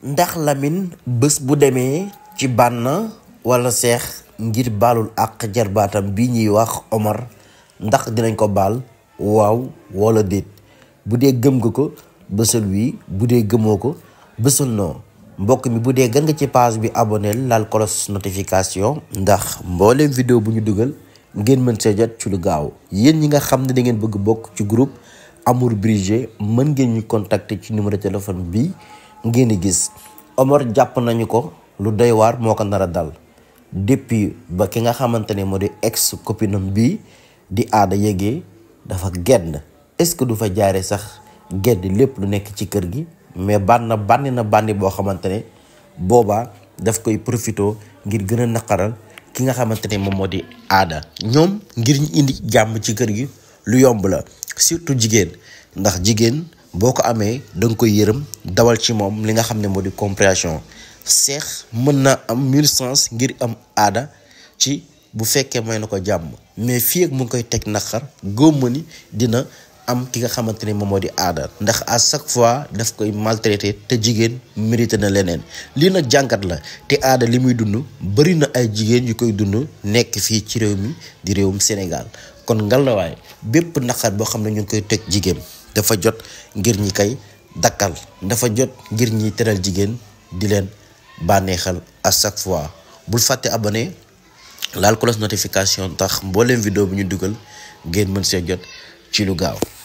ndax Lamine bés bu demee ci bànn walla seex ngir baalul ak jarbaatam bi ñuy wax Omar ndax dinañ ko bal waaw wala déet bu dee gëm nga ko bësal wii bu dee gëmoo ko bësal noo mbokk mi bu dee gën nga ci page bi abonné laal cloche notification ndax mbooleem vidéo bu ñu dugal ngeen mën see jot ci lu gaaw yéen ñi nga xam ne dangeen bëgg bokk ci groupe Amour Brisé mën ngeen ñu contacter ci numéro téléphone bi ngeen di gis Omar jàpp nañu ko lu doy waar moo ko nar dal depuis ba ki nga xamante ne moo di ex copinam bi di aada yégee dafa genn est-ce que du fa jaaree sax gedd lépp lu nekk ci kër gi mais bànn bànni na bànni boo xamante ne boobaa daf koy profito ngir gën a naqaral ki nga xamante ne moom moo di aada ñoom ngir ñu indi jàmm ci kër gi lu yomb la surtout jigéen ndax jigéen boo ko amee da nga koy yërëm dawal ci moom li nga xam ne moo di compréhension seex mën na am mille sens ngir am aada ci bu fekkee may na ko jàmm mais fii ak mu ngi koy teg naqar góob ni dina am ki nga xamante ni moom moo di aada ndax à chaque fois daf koy maltraité te jigéen mérité na leneen lii nag jàngat la te aada li muy dund bëri na ay jigéen yu koy dund nekk fii ci réew mi di réewum Sénégal kon ngalawaay bépp naqar boo xam ne ñu ngi koy teg jigéen. dafa jot ngir ñi kay dakkal ndafa jot ngir ñi teral jigéen di leen bànneexal à chaque fois bul fàtte abonné laal cloche notification tax mbooleem vidéo bu ñu dugal ngeen mën see jot ci lu gaaw